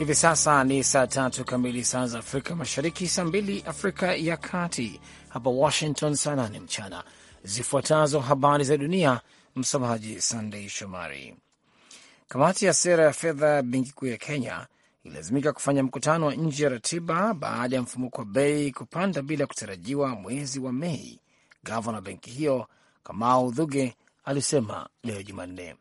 Hivi sasa ni saa tatu kamili saa za Afrika Mashariki, saa mbili Afrika ya Kati, hapa Washington saa nane mchana. Zifuatazo habari za dunia, msomaji Sandei Shomari. Kamati ya sera ya fedha ya benki kuu ya Kenya ililazimika kufanya mkutano wa nje ya ratiba baada ya mfumuko wa bei kupanda bila kutarajiwa mwezi wa Mei. Gavana wa benki hiyo Kamau Dhuge alisema leo Jumanne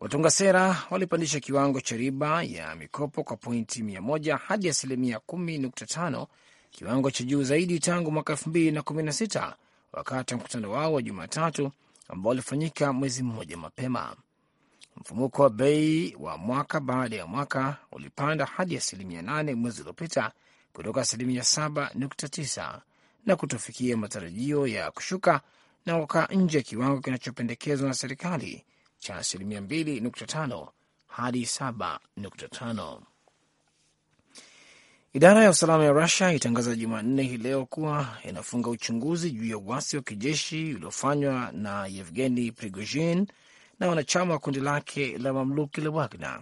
Watunga sera walipandisha kiwango cha riba ya mikopo kwa pointi 1 hadi asilimia 15 kiwango cha juu zaidi tangu mwaka 216 wakati wa mkutano wao wa Jumatatu ambao ulifanyika mwezi mmoja mapema. Mfumuko wa bei wa mwaka baada ya mwaka ulipanda hadi asilimia 8 mwezi uliopita kutoka asilimia 79 na kutofikia matarajio ya kushuka na kukaa nje ya kiwango kinachopendekezwa na serikali cha asilimia 2.5 hadi 7.5. Idara ya usalama ya Rusia itangaza Jumanne hii leo kuwa inafunga uchunguzi juu ya uasi wa kijeshi uliofanywa na Yevgeni Prigozhin na wanachama wa kundi lake la mamluki la Wagner.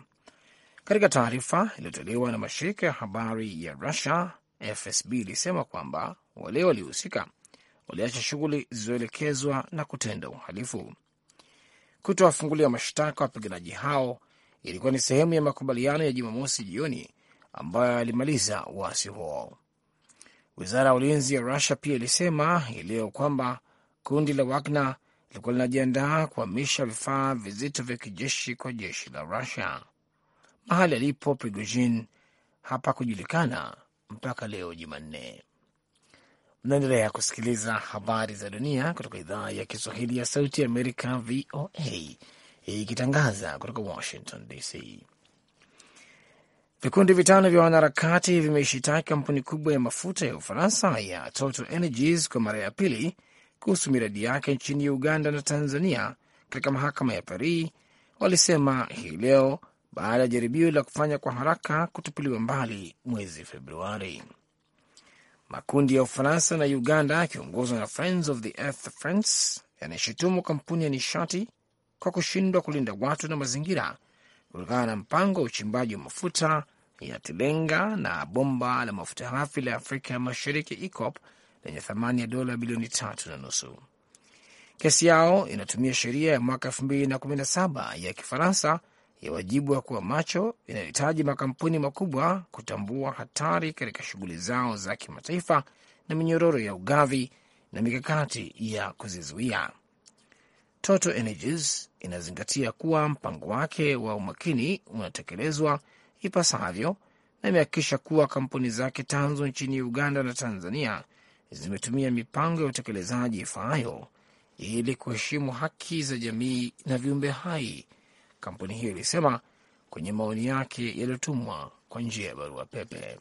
Katika taarifa iliyotolewa na mashirika ya habari ya Rusia, FSB ilisema kwamba wale waliohusika waliacha shughuli zilizoelekezwa na kutenda uhalifu kutowafungulia mashtaka wapiganaji hao ilikuwa ni sehemu ya makubaliano ya Jumamosi jioni ambayo yalimaliza uasi huo. Wizara ya ulinzi ya Rusia pia ilisema hii leo kwamba kundi la Wagner lilikuwa linajiandaa kuhamisha vifaa vizito vya kijeshi kwa jeshi la Rusia. Mahali alipo Prigozhin hapa kujulikana mpaka leo Jumanne. Mnaendelea kusikiliza habari za dunia kutoka idhaa ya Kiswahili ya Sauti ya Amerika, VOA, ikitangaza kutoka Washington DC. Vikundi vitano vya wanaharakati vimeshitaki kampuni kubwa ya mafuta ya Ufaransa ya Total Energies kwa mara ya pili kuhusu miradi yake nchini Uganda na Tanzania katika mahakama ya Paris, walisema hii leo baada ya jaribio la kufanya kwa haraka kutupiliwa mbali mwezi Februari. Makundi ya Ufaransa na Uganda yakiongozwa na Friends of the Earth France yanayeshutumu kampuni ya nishati kwa kushindwa kulinda watu na mazingira kutokana na mpango wa uchimbaji wa mafuta ya tilenga na bomba la mafuta ghafi la Afrika Mashariki ecop lenye thamani ya dola bilioni tatu na nusu. Kesi yao inatumia sheria ya mwaka elfu mbili na kumi na saba ya Kifaransa ya wajibu wa kuwa macho inayohitaji makampuni makubwa kutambua hatari katika shughuli zao za kimataifa na minyororo ya ugavi na mikakati ya kuzizuia. Total Energies inazingatia kuwa mpango wake wa umakini unatekelezwa ipasavyo na imehakikisha kuwa kampuni zake tanzo nchini Uganda na Tanzania zimetumia mipango ya utekelezaji ifaayo ili kuheshimu haki za jamii na viumbe hai kampuni hiyo ilisema kwenye maoni yake yaliyotumwa kwa njia ya barua pepe.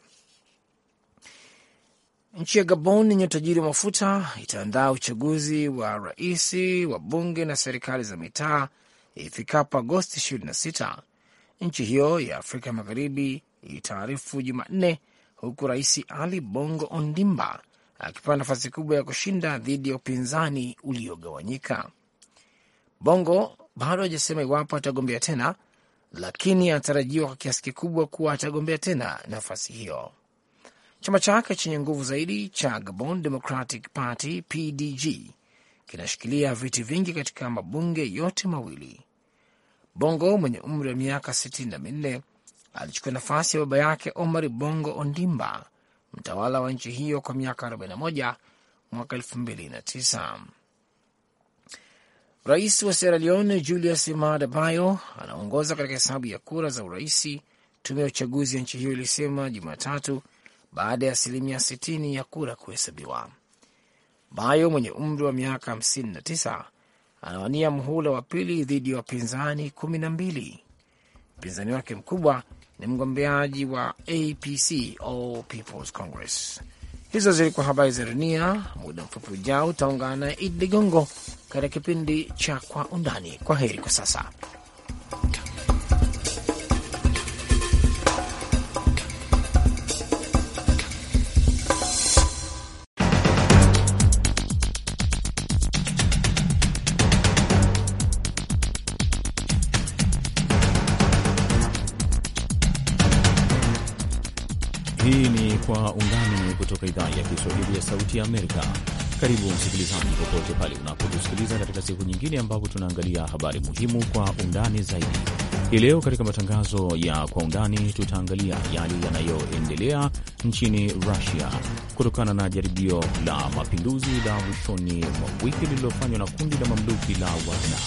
Nchi ya Gabon yenye utajiri wa mafuta itaandaa uchaguzi wa rais wa bunge na serikali za mitaa ifikapo Agosti 26. Nchi hiyo ya Afrika Magharibi ilitaarifu Jumanne, huku rais Ali Bongo Ondimba akipewa nafasi kubwa ya kushinda dhidi ya upinzani uliogawanyika. Bongo bado hajasema iwapo atagombea tena, lakini anatarajiwa kwa kiasi kikubwa kuwa atagombea tena nafasi hiyo. Chama chake chenye nguvu zaidi cha Gabon Democratic Party PDG kinashikilia viti vingi katika mabunge yote mawili. Bongo mwenye umri wa miaka sitini na minne alichukua nafasi ya baba yake Omar Bongo Ondimba, mtawala wa nchi hiyo kwa miaka 41 mwaka 29 Rais wa Sierra Leone Julius Maada Bio anaongoza katika hesabu ya kura za uraisi, tume ya uchaguzi ya nchi hiyo ilisema Jumatatu baada ya asilimia 60 ya kura kuhesabiwa. bayo mwenye umri wa miaka 59 anawania mhula wa pili dhidi ya wapinzani kumi na mbili. Mpinzani wake mkubwa ni mgombeaji wa APC, All People's Congress. Hizo zilikuwa habari za dunia. Muda mfupi ujao utaungana na Idi Ligongo katika kipindi cha Kwa Undani. Kwa heri kwa sasa. Sauti ya Amerika. Karibu msikilizaji, popote pale unapotusikiliza katika siku nyingine ambapo tunaangalia habari muhimu kwa undani zaidi. Hii leo katika matangazo ya kwa undani tutaangalia yale yanayoendelea nchini Rusia kutokana na jaribio la mapinduzi la mwishoni mwa wiki lililofanywa na kundi la mamluki la Wagner,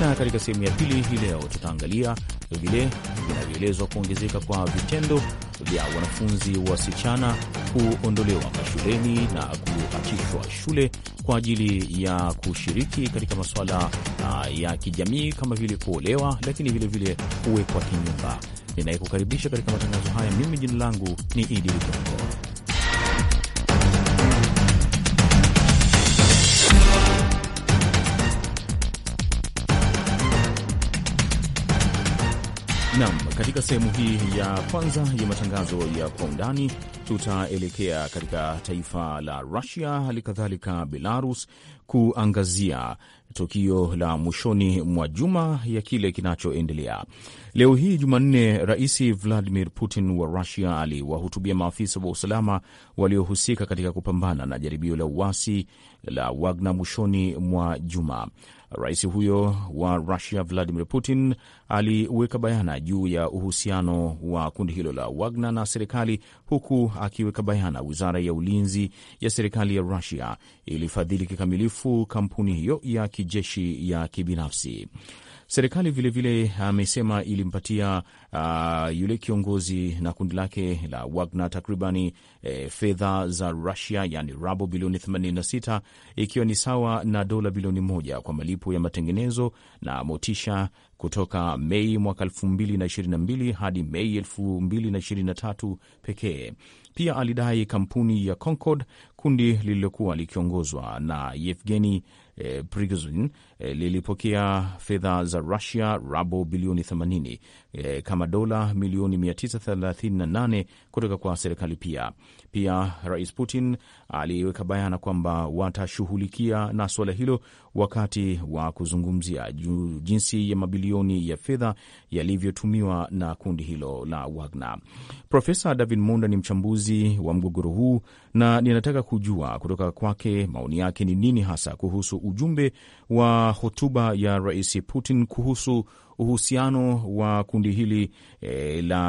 na katika sehemu ya pili hii leo tutaangalia vile vinavyoelezwa kuongezeka kwa vitendo vya wanafunzi wasichana kuondolewa mashuleni na kuachishwa shule kwa ajili ya kushiriki katika masuala ah, ya kijamii kama vile kuolewa, lakini vilevile kuwekwa kinyumba. Ninayekukaribisha katika matangazo haya mimi, jina langu ni Idi Ligongo. Nam, katika sehemu hii ya kwanza ya matangazo ya kwa undani, tutaelekea katika taifa la Rusia, hali kadhalika Belarus, kuangazia tukio la mwishoni mwa juma ya kile kinachoendelea leo hii Jumanne. Rais Vladimir Putin wa Rusia aliwahutubia maafisa wa usalama waliohusika katika kupambana na jaribio la uasi la Wagner mwishoni mwa juma. Rais huyo wa Rusia Vladimir Putin aliweka bayana juu ya uhusiano wa kundi hilo la Wagner na serikali, huku akiweka bayana wizara ya ulinzi ya serikali ya Rusia ilifadhili kikamilifu kampuni hiyo ya kijeshi ya kibinafsi. Serikali vilevile amesema ilimpatia uh, yule kiongozi na kundi lake la Wagner takribani eh, fedha za Rusia, yani rabo bilioni 86 ikiwa ni sawa na dola bilioni moja kwa malipo ya matengenezo na motisha kutoka Mei mwaka 2022 hadi Mei 2023 pekee. Pia alidai kampuni ya Concord, kundi lililokuwa likiongozwa na Yevgeni eh, Prigozhin e, lilipokea fedha za Rusia rabo bilioni 80 e, eh, kama dola milioni 938 kutoka kwa serikali. Pia pia Rais Putin aliweka bayana kwamba watashughulikia na suala hilo wakati wa kuzungumzia jinsi ya mabilioni ya fedha yalivyotumiwa na kundi hilo la Wagner. Profesa David Munda ni mchambuzi wa mgogoro huu na ninataka kujua kutoka kwake maoni yake ni nini hasa kuhusu ujumbe wa hotuba ya Rais Putin kuhusu uhusiano wa kundi hili e, la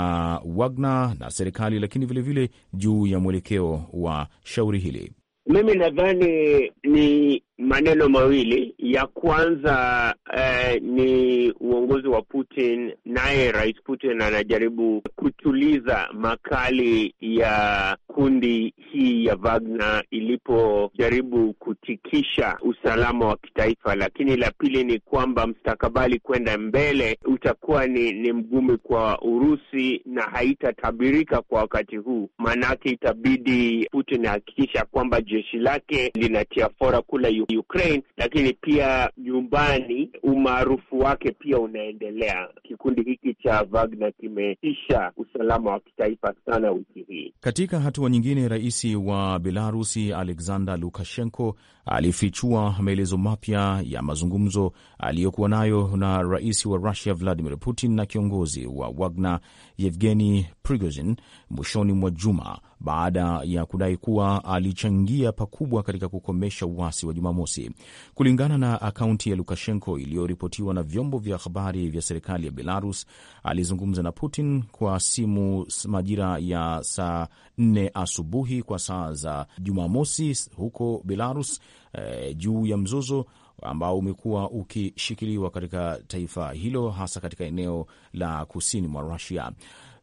Wagner na serikali, lakini vilevile vile juu ya mwelekeo wa shauri hili. Mimi nadhani ni maneno mawili. Ya kwanza eh, ni uongozi wa Putin, naye Rais Putin anajaribu kutuliza makali ya kundi hii ya Wagner ilipojaribu kutikisha usalama wa kitaifa. Lakini la pili ni kwamba mstakabali kwenda mbele utakuwa ni, ni mgumu kwa Urusi na haitatabirika kwa wakati huu, maanake itabidi Putin ahakikisha kwamba jeshi lake linatia fora kule Ukraine, lakini pia nyumbani umaarufu wake pia unaendelea. Kikundi hiki cha Wagner kimetisha usalama wa kitaifa sana wiki hii. Katika hatua nyingine, rais wa Belarusi Alexander Lukashenko alifichua maelezo mapya ya mazungumzo aliyokuwa nayo na rais wa Rusia Vladimir Putin na kiongozi wa Wagner Yevgeni Prigozhin mwishoni mwa juma baada ya kudai kuwa alichangia pakubwa katika kukomesha uasi wa Jumamosi. Kulingana na akaunti ya Lukashenko iliyoripotiwa na vyombo vya habari vya serikali ya Belarus, alizungumza na Putin kwa simu majira ya saa nne asubuhi kwa saa za Jumamosi huko Belarus e, juu ya mzozo ambao umekuwa ukishikiliwa katika taifa hilo hasa katika eneo la kusini mwa Rusia.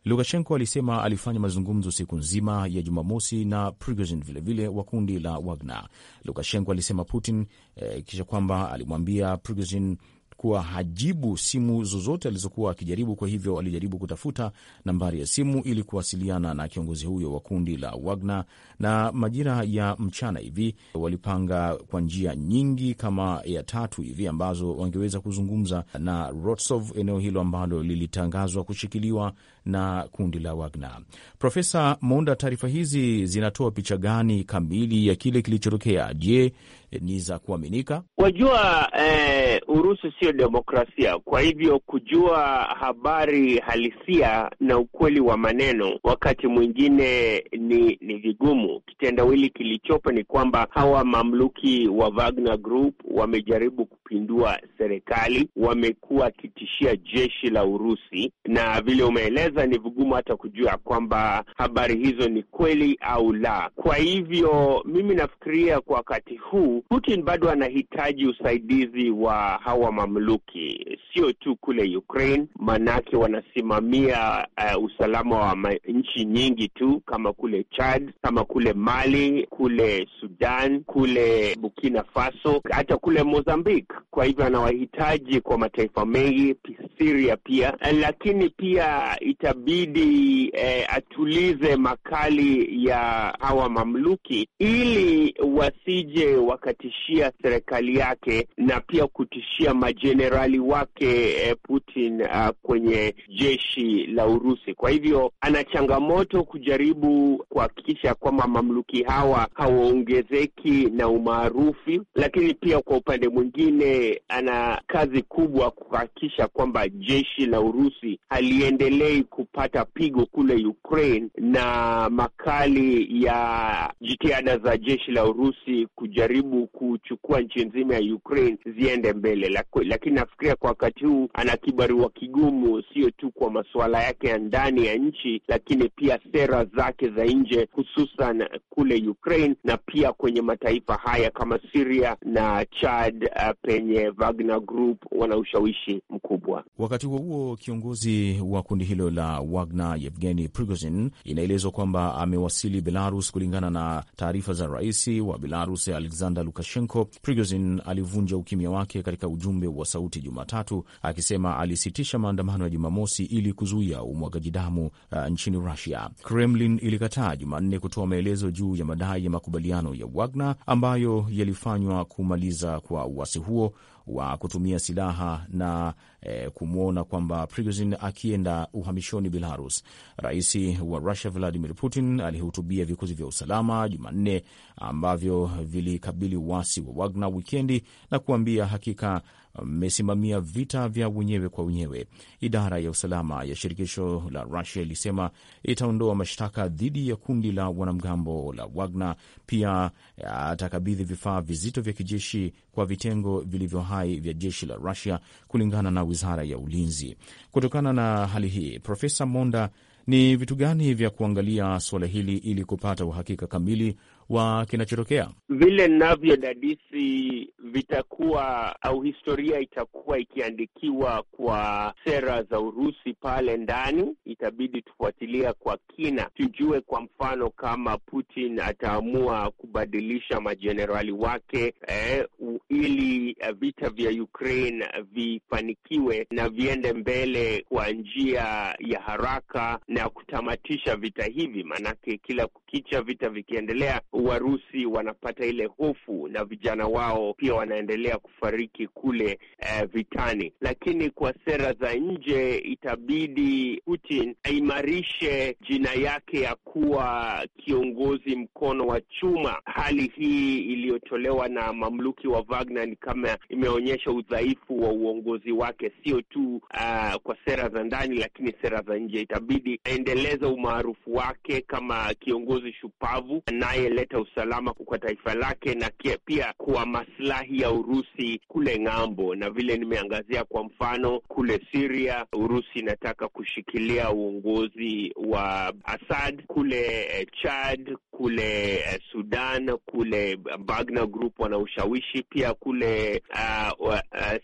Lukashenko alisema alifanya mazungumzo siku nzima ya Jumamosi na Prigozhin vilevile wa kundi la Wagner. Lukashenko alisema Putin eh, kisha kwamba alimwambia Prigozhin alikuwa hajibu simu zozote alizokuwa akijaribu. Kwa hivyo alijaribu kutafuta nambari ya simu ili kuwasiliana na kiongozi huyo wa kundi la Wagner, na majira ya mchana hivi walipanga kwa njia nyingi kama ya tatu hivi ambazo wangeweza kuzungumza na Rostov, eneo hilo ambalo lilitangazwa kushikiliwa na kundi la Wagner. Profesa Monda, taarifa hizi zinatoa picha gani kamili ya kile kilichotokea? Je, Eh, ni za kuaminika? Wajua eh, Urusi sio demokrasia, kwa hivyo kujua habari halisia na ukweli wa maneno wakati mwingine ni ni vigumu. Kitendawili kilichopo ni kwamba hawa mamluki wa Wagner Group wamejaribu kupindua serikali, wamekuwa wakitishia jeshi la Urusi, na vile umeeleza, ni vigumu hata kujua kwamba habari hizo ni kweli au la. Kwa hivyo mimi nafikiria kwa wakati huu Putin bado anahitaji usaidizi wa hawa mamluki, sio tu kule Ukraine, maanake wanasimamia uh, usalama wa nchi nyingi tu kama kule Chad, kama kule Mali, kule Sudan, kule Burkina Faso, hata kule Mozambique. Kwa hivyo anawahitaji kwa mataifa mengi Syria pia, eh, lakini pia itabidi eh, atulize makali ya hawa mamluki ili wasije wakatishia serikali yake na pia kutishia majenerali wake eh, Putin uh, kwenye jeshi la Urusi. Kwa hivyo ana changamoto kujaribu kuhakikisha kwamba mamluki hawa hawaongezeki na umaarufu, lakini pia kwa upande mwingine ana kazi kubwa kuhakikisha kwamba jeshi la Urusi haliendelei kupata pigo kule Ukraine, na makali ya jitihada za jeshi la Urusi kujaribu kuchukua nchi nzima ya Ukraine ziende mbele. Lakini nafikiria kwa wakati huu ana kibarua kigumu, sio tu kwa masuala yake ya ndani ya nchi, lakini pia sera zake za nje, hususan kule Ukraine na pia kwenye mataifa haya kama Syria na Chad, eh, penye Wagner Group wana ushawishi mkubwa. Wakati huo huo, kiongozi wa kundi hilo la Wagner Yevgeni Prigozhin inaelezwa kwamba amewasili Belarus. Kulingana na taarifa za rais wa Belarus Alexander Lukashenko, Prigozhin alivunja ukimya wake katika ujumbe wa sauti Jumatatu akisema alisitisha maandamano ya Jumamosi ili kuzuia umwagaji damu uh, nchini Rusia. Kremlin ilikataa Jumanne kutoa maelezo juu ya madai ya makubaliano ya Wagner ambayo yalifanywa kumaliza kwa uasi huo wa kutumia silaha na e, eh, kumwona kwamba Prigozhin akienda uhamishoni Belarus. Rais wa Russia Vladimir Putin alihutubia vikosi vya usalama Jumanne ambavyo vilikabili uasi wa Wagner wikendi na kuambia hakika mmesimamia vita vya wenyewe kwa wenyewe. Idara ya usalama ya shirikisho la Rusia ilisema itaondoa mashtaka dhidi ya kundi la wanamgambo la Wagner. Pia atakabidhi vifaa vizito vya kijeshi kwa vitengo vilivyo hai vya jeshi la Rusia, kulingana na wizara ya ulinzi. Kutokana na hali hii, Profesa Monda, ni vitu gani vya kuangalia suala hili ili kupata uhakika kamili wa kinachotokea. Vile navyodadisi vitakuwa au historia itakuwa ikiandikiwa kwa sera za Urusi pale ndani. Itabidi tufuatilia kwa kina, tujue kwa mfano kama Putin ataamua kubadilisha majenerali wake eh, ili vita vya Ukraine vifanikiwe na viende mbele kwa njia ya haraka na kutamatisha vita hivi, maanake kila kukicha vita vikiendelea Warusi wanapata ile hofu na vijana wao pia wanaendelea kufariki kule eh, vitani. Lakini kwa sera za nje itabidi Putin aimarishe jina yake ya kuwa kiongozi mkono wa chuma. Hali hii iliyotolewa na mamluki wa Wagner ni kama imeonyesha udhaifu wa uongozi wake, sio tu uh, kwa sera za ndani, lakini sera za nje. Itabidi aendeleza umaarufu wake kama kiongozi shupavu anayele kuleta usalama kwa taifa lake na kia pia kwa maslahi ya Urusi kule ng'ambo, na vile nimeangazia kwa mfano kule Syria, Urusi inataka kushikilia uongozi wa Assad, kule eh, Chad, kule eh, Sudan, kule eh, Wagner Group wana ushawishi pia kule uh, uh,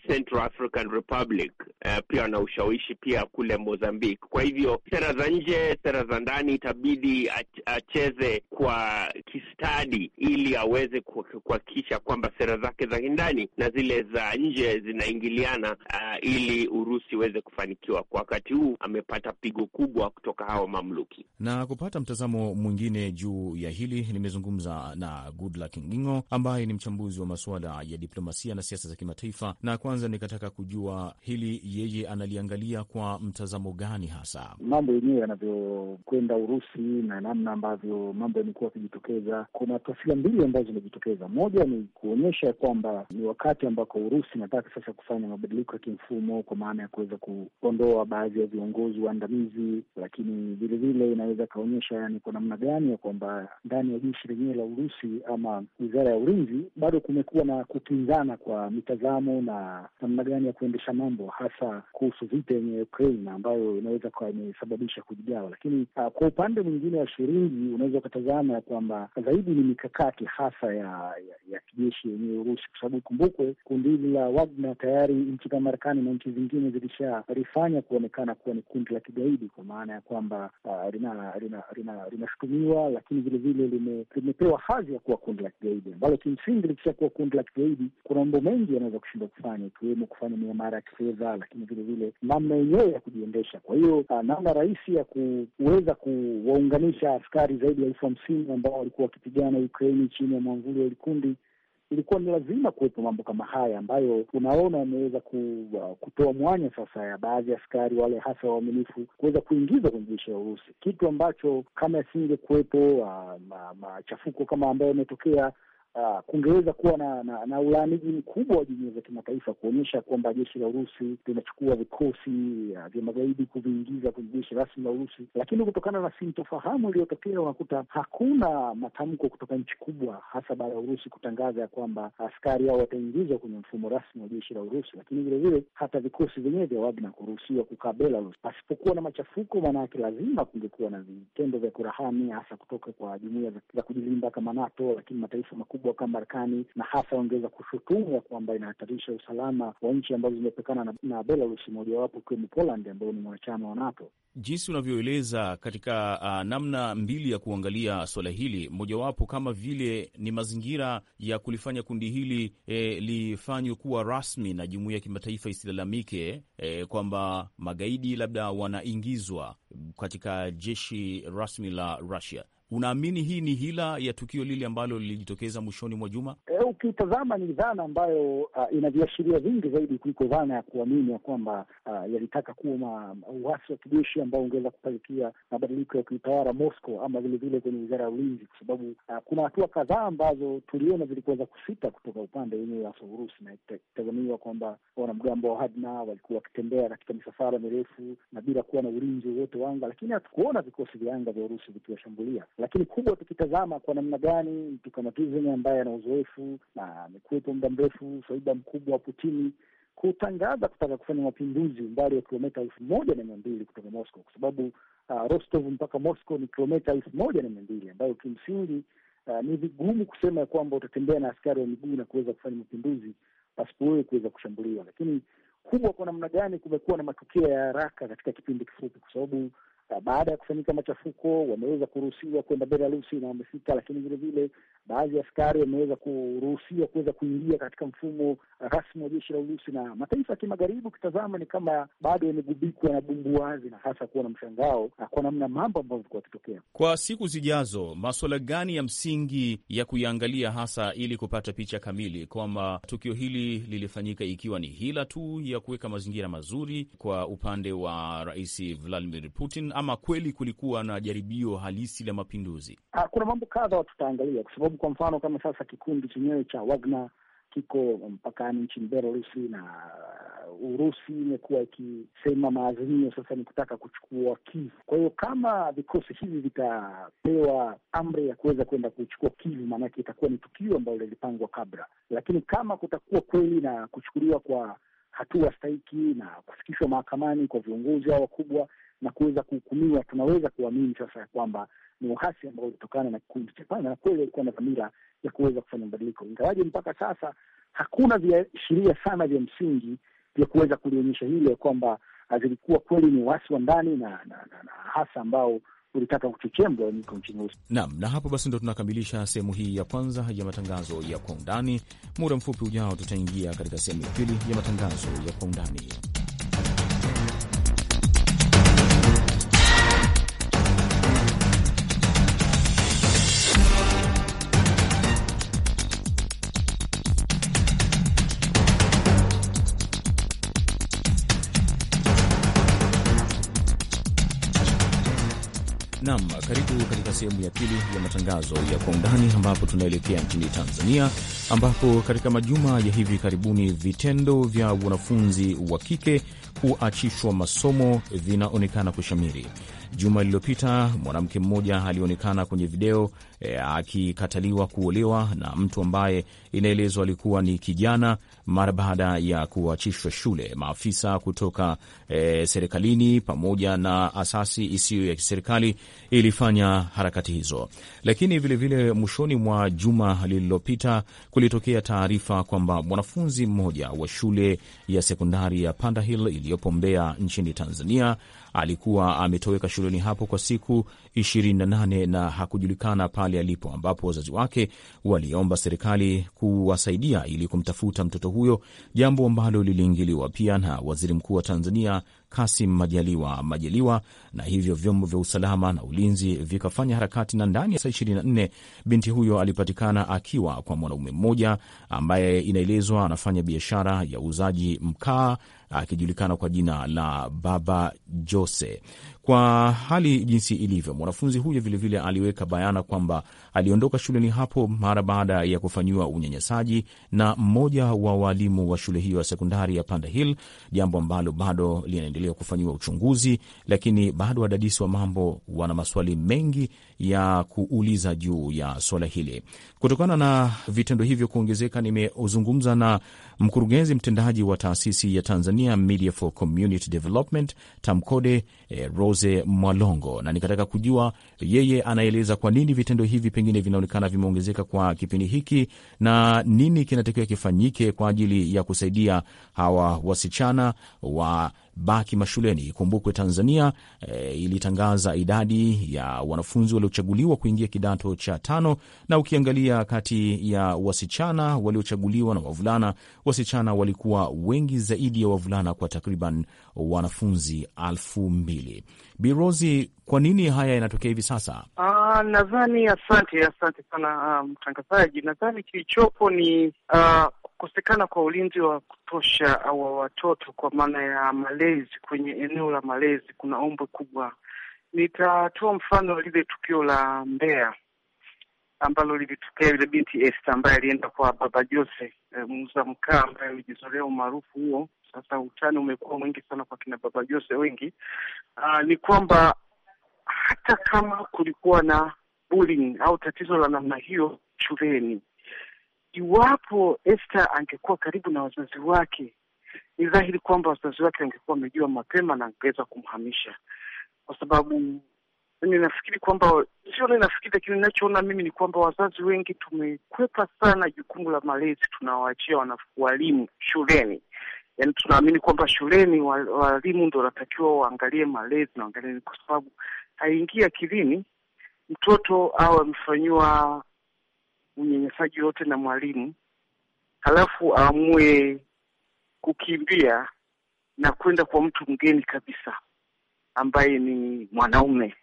Central African Republic uh, pia wana ushawishi pia kule Mozambique. Kwa hivyo sera za nje, sera za ndani, itabidi acheze kwa kisi ustadi ili aweze kuhakikisha kwamba sera zake za kindani na zile za nje zinaingiliana, uh, ili Urusi iweze kufanikiwa. Kwa wakati huu amepata pigo kubwa kutoka hawa mamluki. Na kupata mtazamo mwingine juu ya hili, nimezungumza na Goodluck Ngingo ambaye ni mchambuzi wa masuala ya diplomasia na siasa za kimataifa, na kwanza nikataka kujua hili yeye analiangalia kwa mtazamo gani hasa mambo yenyewe yanavyokwenda Urusi na namna ambavyo mambo yamekuwa yakijitokeza kuna taswira mbili ambazo zimejitokeza. Moja ni kuonyesha kwamba ni wakati ambako Urusi inataka sasa kufanya mabadiliko ya kimfumo, kwa maana ya kuweza kuondoa baadhi ya viongozi waandamizi, lakini vilevile inaweza ikaonyesha yani kwa namna gani ya kwamba ndani ya jeshi lenyewe la Urusi ama wizara ya ulinzi bado kumekuwa na kupinzana kwa mitazamo na namna gani ya kuendesha mambo, hasa kuhusu vita yenye Ukraine ambayo inaweza kuwa imesababisha kujigawa. Lakini uh, kwa upande mwingine wa shiringi unaweza ukatazama ya kwamba zaidi ni mikakati hasa ya ya, ya kijeshi yenyewe Urusi, kwa sababu ikumbukwe kundi hili la Wagner tayari nchi za Marekani na nchi zingine zilishalifanya kuonekana kuwa ni kundi la kigaidi, kwa maana ya kwamba ah, linashutumiwa lakini vilevile lime, limepewa hadhi ya kuwa kundi la kigaidi, ambalo kimsingi likishakuwa kundi la kigaidi kuna mambo mengi yanaweza kushindwa kufanya, ikiwemo kufanya miamara ya kifedha, lakini vilevile namna yenyewe ya kujiendesha. Kwa hiyo uh, namna rahisi ya kuweza kuwaunganisha askari zaidi ya elfu hamsini ambao walikuwa kupigana Ukraini chini ya mwamvuli wa likundi ilikuwa ni lazima kuwepo mambo kama haya ambayo unaona yameweza ku, uh, kutoa mwanya sasa ya baadhi ya askari wale hasa waaminifu kuweza kuingizwa kwenye jeshi la Urusi, kitu ambacho kama yasingekuwepo uh, machafuko kama ambayo yametokea Ah, kungeweza kuwa na, na, na ulaaniji mkubwa wa jumuia za kimataifa kuonyesha kwamba jeshi la Urusi linachukua vikosi ah, vya magaidi kuviingiza kwenye jeshi rasmi la Urusi, lakini kutokana na sintofahamu iliyotokea unakuta hakuna matamko kutoka nchi kubwa, hasa baada ya Urusi kutangaza ya kwamba askari hao wataingizwa kwenye mfumo rasmi wa jeshi la Urusi, lakini vilevile hata vikosi vyenyewe vya Wagner kuruhusiwa kukaa Belarus pasipokuwa na machafuko. maanayake lazima kungekuwa na vitendo vya kurahani, hasa kutoka kwa jumuia za kujilinda kama NATO, lakini mataifa makubwa wakubwa kama Marekani na hasa wangeweza kushutumu ya kwamba inahatarisha usalama wa nchi ambazo zimepekana na, na mojawapo ikiwemo Poland ambayo ni mwanachama wa NATO. Jinsi unavyoeleza katika uh, namna mbili ya kuangalia swala hili, mojawapo kama vile ni mazingira ya kulifanya kundi hili eh, lifanywe kuwa rasmi na jumuiya ya kimataifa isilalamike eh, kwamba magaidi labda wanaingizwa katika jeshi rasmi la Russia Unaamini hii ni hila ya tukio lile ambalo lilijitokeza mwishoni mwa juma? E, ukitazama ni dhana ambayo uh, ina viashiria vingi zaidi kuliko dhana ya kuamini ya kwamba uh, yalitaka kuwa uasi wa kijeshi ambao ungeweza kupelekea mabadiliko ya kiutawala Moscow ama vilevile kwenye wizara ya ulinzi, kwa sababu uh, kuna hatua kadhaa ambazo tuliona zilikuweza kusita kutoka upande wenyewe hasa Urusi, na itazamiwa kwamba wanamgambo wa Hadna walikuwa wakitembea katika misafara mirefu na bila kuwa na ulinzi wowote wa anga, lakini hatukuona vikosi vya anga vya Urusi vikiwashambulia lakini kubwa tukitazama kwa namna gani mtu kama ambaye ana uzoefu na amekuwepo muda mrefu, faida mkubwa wa Putini kutangaza kutaka kufanya mapinduzi umbali wa kilometa elfu moja na mia mbili kutoka Moscow kwa sababu uh, Rostov mpaka Moscow ni kilometa elfu moja na mia mbili ambayo kimsingi uh, ni vigumu kusema ya kwamba utatembea na askari wa miguu na kuweza kufanya mapinduzi pasipo wewe kuweza kushambuliwa. Lakini kubwa kwa namna gani kumekuwa na matukio ya haraka katika kipindi kifupi, kwa sababu baada ya kufanyika machafuko wameweza kuruhusiwa kwenda Belarusi na wamefika, lakini vilevile baadhi ya askari wameweza kuruhusiwa kuweza kuingia katika mfumo rasmi wa jeshi la Urusi. Na mataifa ya kimagharibi ukitazama ni kama bado yamegubikwa na bumbuwazi na hasa kuwa na mshangao kwa namna mambo ambavyo vilikuwa wakitokea Kwa siku zijazo, maswala gani ya msingi ya kuiangalia hasa ili kupata picha kamili kwamba tukio hili lilifanyika ikiwa ni hila tu ya kuweka mazingira mazuri kwa upande wa Rais Vladimir Putin ama kweli kulikuwa na jaribio halisi la mapinduzi? Ah, kuna mambo kadha tutaangalia, kwa sababu kwa mfano kama sasa kikundi chenyewe cha Wagner kiko mpakani nchini belarusi na Urusi imekuwa ikisema maazimio sasa ni kutaka kuchukua Kivu. Kwa hiyo kama vikosi hivi vitapewa amri ya kuweza kwenda kuchukua Kivu, maanake itakuwa ni tukio ambalo lilipangwa kabla, lakini kama kutakuwa kweli na kuchukuliwa kwa hatua stahiki na kufikishwa mahakamani kwa viongozi hao wakubwa, na kuweza kuhukumiwa, tunaweza kuamini sasa ya kwamba ni uhasi ambao ulitokana na kikundi cha Chadema na kweli alikuwa na dhamira ya kuweza kufanya mabadiliko, ingawaje mpaka sasa hakuna viashiria sana vya msingi vya kuweza kulionyesha hilo ya kwamba ah, zilikuwa kweli ni uhasi wa ndani na, na, na, na hasa ambao ulitaka kuchochembwa niko nchini humo. Naam, na hapo basi ndo tunakamilisha sehemu hii ya kwanza ya matangazo ya kwa undani. Muda mfupi ujao, tutaingia katika sehemu ya pili ya matangazo ya kwa undani. Nam, karibu katika sehemu ya pili ya matangazo ya kwa undani, ambapo tunaelekea nchini Tanzania, ambapo katika majuma ya hivi karibuni vitendo vya wanafunzi wa kike kuachishwa masomo vinaonekana kushamiri. Juma lililopita mwanamke mmoja alionekana kwenye video e, akikataliwa kuolewa na mtu ambaye inaelezwa alikuwa ni kijana mara baada ya kuachishwa shule. Maafisa kutoka e, serikalini pamoja na asasi isiyo ya kiserikali ilifanya harakati hizo. Lakini vilevile mwishoni mwa juma lililopita kulitokea taarifa kwamba mwanafunzi mmoja wa shule ya sekondari ya pandahill iliyopo Mbeya nchini Tanzania alikuwa ametoweka shuleni hapo kwa siku 28 na hakujulikana pale alipo, ambapo wazazi wake waliomba serikali kuwasaidia ili kumtafuta mtoto huyo, jambo ambalo liliingiliwa pia na waziri mkuu wa Tanzania Kasim Majaliwa Majaliwa, na hivyo vyombo vya usalama na ulinzi vikafanya harakati, na ndani ya saa 24 binti huyo alipatikana akiwa kwa mwanaume mmoja ambaye inaelezwa anafanya biashara ya uuzaji mkaa akijulikana kwa jina la Baba Jose. Kwa hali jinsi ilivyo, mwanafunzi huyo vilevile aliweka bayana kwamba aliondoka shuleni hapo mara baada ya kufanyiwa unyanyasaji na mmoja wa waalimu wa shule hiyo ya sekondari ya Panda Hill, jambo ambalo bado linaendelea kufanyiwa uchunguzi, lakini bado wadadisi wa mambo wana maswali mengi ya kuuliza juu ya swala hili. Kutokana na vitendo hivyo kuongezeka, nimezungumza na mkurugenzi mtendaji wa taasisi ya Tanzania Media for Community Development TAMCODE, eh, Rose Mwalongo, na nikataka kujua yeye anaeleza kwa nini vitendo hivi pengine vinaonekana vimeongezeka kwa kipindi hiki na nini kinatakiwa kifanyike kwa ajili ya kusaidia hawa wasichana wa baki mashuleni. Ikumbukwe Tanzania e, ilitangaza idadi ya wanafunzi waliochaguliwa kuingia kidato cha tano, na ukiangalia kati ya wasichana waliochaguliwa na wavulana, wasichana walikuwa wengi zaidi ya wavulana kwa takriban wanafunzi alfu mbili. Birozi, kwa nini haya yanatokea hivi sasa? Uh, nadhani asante, asante sana ah, mtangazaji. Um, nadhani kilichopo ni uh, kukosekana kwa ulinzi wa kutosha wa watoto kwa maana ya malezi kwenye eneo la malezi kuna ombwe kubwa. Nitatoa mfano lile tukio la Mbeya ambalo lilitokea yule binti Esther ambaye alienda kwa baba Jose e, eh, muuza mkaa ambaye alijizolea umaarufu huo. Sasa utani umekuwa mwingi sana kwa kina baba Jose wengi. Aa, ah, ni kwamba hata kama kulikuwa na bullying au tatizo la namna hiyo shuleni Iwapo Esther angekuwa karibu na wazazi wake, ni dhahiri kwamba wazazi wake angekuwa wamejua mapema na angeweza kumhamisha, kwa sababu ninafikiri kwamba sio, ninafikiri lakini ninachoona mimi ni kwamba wazazi wengi tumekwepa sana jukumu la malezi, tunawaachia walimu shuleni. Yani tunaamini kwamba shuleni walimu ndo wanatakiwa waangalie malezi na waangalie, kwa sababu haingii akilini mtoto au amefanyiwa unyanyasaji wote na mwalimu, halafu aamue kukimbia na kwenda kwa mtu mgeni kabisa ambaye ni mwanaume,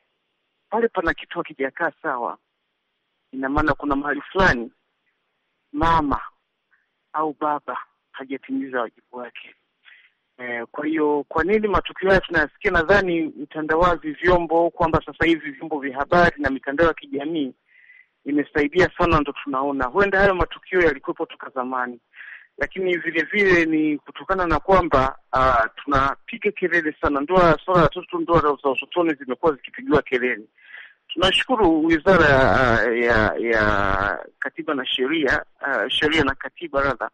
pale pana kitu hakijakaa sawa. Ina maana kuna mahali fulani mama au baba hajatimiza wajibu wake. E, kwa hiyo kwa nini matukio haya tunayasikia? Nadhani utandawazi, vyombo kwamba sasa hivi vyombo vya habari na mitandao ya kijamii imesaidia sana, ndo tunaona huenda hayo matukio yalikuwepo toka zamani, lakini vile vile ni kutokana na kwamba uh, tunapiga kelele sana. Ndoa, swala la toto ndoa za utotoni zimekuwa zikipigiwa kelele. Tunashukuru wizara uh, ya ya katiba na sheria uh, sheria na katiba radha,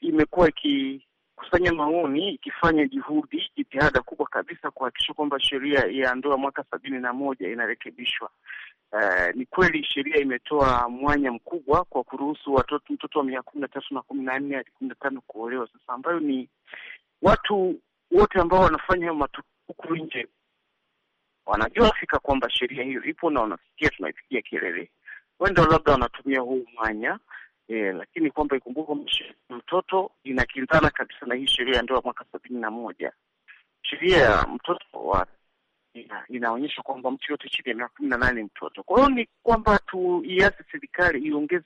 imekuwa iki kusanya maoni, ikifanya juhudi, jitihada kubwa kabisa kuhakikisha kwamba sheria ya ndoa mwaka sabini na moja inarekebishwa. Uh, ni kweli sheria imetoa mwanya mkubwa kwa kuruhusu watoto mtoto wa miaka kumi na tatu na kumi na nne hadi kumi na tano kuolewa sasa, ambayo ni watu wote ambao wanafanya hayo matukio nje wanajua fika kwamba sheria hiyo ipo na wanafikia, tunaifikia kilele, wenda labda wanatumia huu mwanya e, lakini kwamba ikumbukwe mtoto inakinzana kabisa na hii sheria ya ndoa mwaka sabini na moja. Sheria ya mtoto wa ina, inaonyesha kwamba mtu yote chini ya miaka kumi na nane mtoto. Kwa hiyo ni kwamba tuiache serikali iongeze,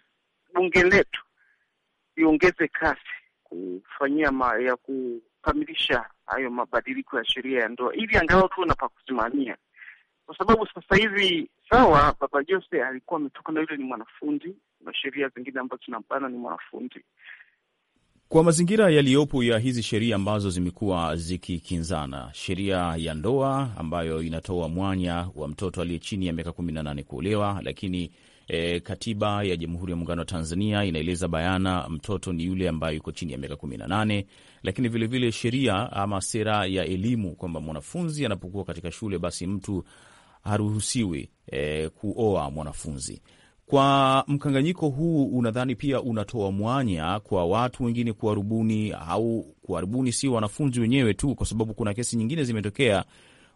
bunge letu iongeze kasi kufanyia ma, ya kukamilisha hayo mabadiliko ya sheria ya ndoa ili angalau tuwe na pa kusimamia kwa sababu sasa hivi sawa, Baba Jose alikuwa ametoka na yule ni mwanafunzi na sheria zingine ambazo zinampana ni mwanafunzi kwa mazingira yaliyopo ya hizi sheria ambazo zimekuwa zikikinzana, sheria ya ndoa ambayo inatoa mwanya wa mtoto aliye chini ya miaka kumi na nane kuolewa, lakini e, katiba ya Jamhuri ya Muungano wa Tanzania inaeleza bayana mtoto ni yule ambaye yuko chini ya miaka kumi na nane. Lakini vilevile sheria ama sera ya elimu kwamba mwanafunzi anapokuwa katika shule basi mtu haruhusiwi e, kuoa mwanafunzi. Kwa mkanganyiko huu, unadhani pia unatoa mwanya kwa watu wengine kuwarubuni au kuwarubuni si wanafunzi wenyewe tu, kwa sababu kuna kesi nyingine zimetokea,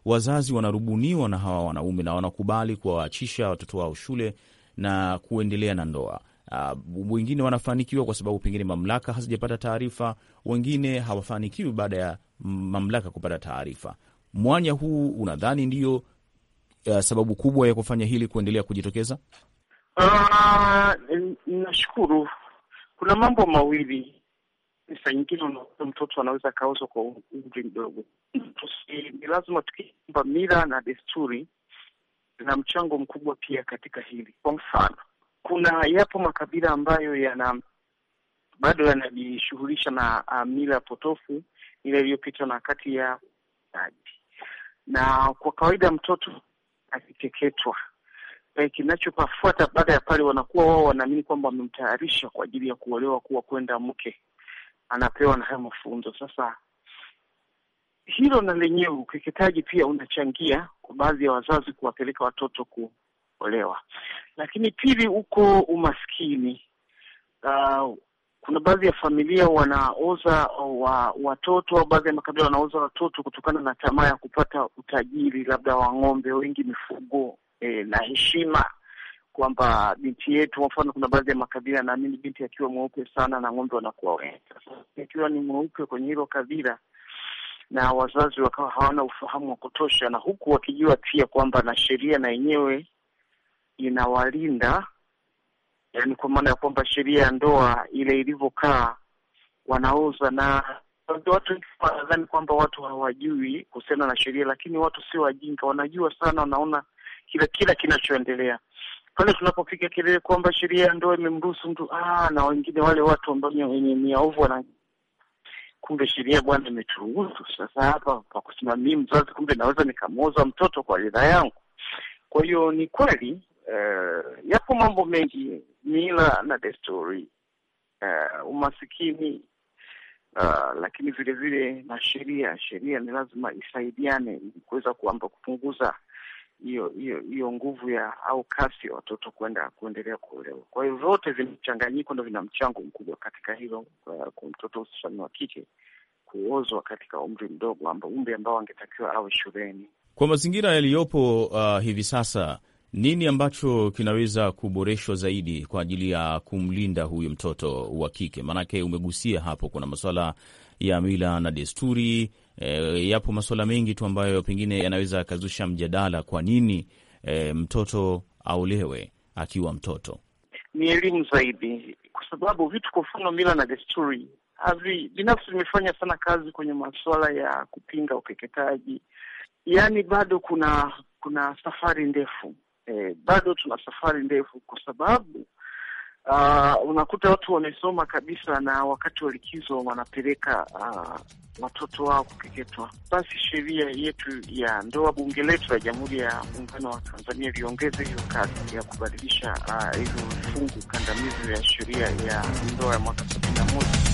wazazi wanarubuniwa na hawa wanaume na wanakubali kuwaachisha watoto wao shule na kuendelea na ndoa. Uh, wengine wanafanikiwa kwa sababu pengine mamlaka hazijapata taarifa, wengine hawafanikiwi baada ya mamlaka kupata taarifa. Mwanya huu unadhani ndio uh, sababu kubwa ya kufanya hili kuendelea kujitokeza? Uh, nashukuru. Kuna mambo mawili sa nyingine unakuta mtoto anaweza akauzwa kwa umri mdogo. Ni lazima tukiamba mila na desturi na mchango mkubwa pia katika hili. Kwa mfano, kuna yapo makabila ambayo yana bado yanajishughulisha na uh, mila potofu ile iliyopita na kati ya jadi, na kwa kawaida mtoto akikeketwa. E, kinachopafuata baada ya pale, wanakuwa wao wanaamini kwamba wamemtayarisha kwa ajili ya kuolewa kuwa kwenda mke, anapewa na haya mafunzo sasa. Hilo na lenyewe ukeketaji pia unachangia kwa baadhi ya wazazi kuwapeleka watoto kuolewa. Lakini pili, uko umaskini. Uh, kuna baadhi ya familia wanauza wa, watoto au baadhi ya makabila wanauza watoto kutokana na tamaa ya kupata utajiri, labda wa ng'ombe wengi, mifugo e, na heshima kwamba binti yetu. Kwa mfano, kuna baadhi ya makabila, naamini binti akiwa mweupe sana na ng'ombe wanakuwa wengi. akiwa ni mweupe kwenye hilo kabila, na wazazi wakawa hawana ufahamu wa kutosha, na huku wakijua pia kwamba na sheria na yenyewe inawalinda yaani kwa maana ya kwamba sheria ya ndoa ile ilivyokaa wanaoza na watu wanadhani kwamba watu hawajui kuhusiana na sheria, lakini watu sio wajinga, wanajua sana, wanaona kila kila kinachoendelea pale tunapofika kelele kwamba sheria ya ndoa imemruhusu mtu ah, na wengine wale watu ambao wenye miaovu wana kumbe sheria bwana imeturuhusu. Sasa hapa pa kusimamia mzazi, kumbe naweza nikamwoza mtoto kwa ridhaa yangu. Kwa hiyo ni kweli eh, yapo mambo mengi mila na desturi, uh, umasikini uh, lakini vile vile na sheria. Sheria ni lazima isaidiane ili kuweza kuamba kupunguza hiyo hiyo hiyo nguvu ya au kasi ya watoto kwenda kuendelea kuolewa. Kwa hiyo vyote vinachanganyiko ndo vina mchango mkubwa katika hilo, eh, kwa mtoto hususani wa kike kuozwa katika umri mdogo, ambao umri ambao angetakiwa awe shuleni. Kwa mazingira yaliyopo uh, hivi sasa nini ambacho kinaweza kuboreshwa zaidi kwa ajili ya kumlinda huyu mtoto wa kike? Maanake umegusia hapo, kuna masuala ya mila na desturi e, yapo masuala mengi tu ambayo pengine yanaweza yakazusha mjadala, kwa nini e, mtoto aolewe akiwa mtoto. Ni elimu zaidi, kwa sababu vitu, kwa mfano mila na desturi havi, binafsi vimefanya sana kazi kwenye masuala ya kupinga ukeketaji, yaani bado kuna kuna safari ndefu eh, bado tuna safari ndefu, kwa sababu uh, unakuta watu wamesoma kabisa na wakati wa likizo wanapeleka uh, watoto wao kukeketwa. Basi sheria yetu ya ndoa, bunge letu la Jamhuri ya Muungano wa Tanzania liongeze hiyo kazi ya kubadilisha ah, hivyo uh, vifungu kandamizi ya sheria ya ndoa ya mwaka sabini na moja.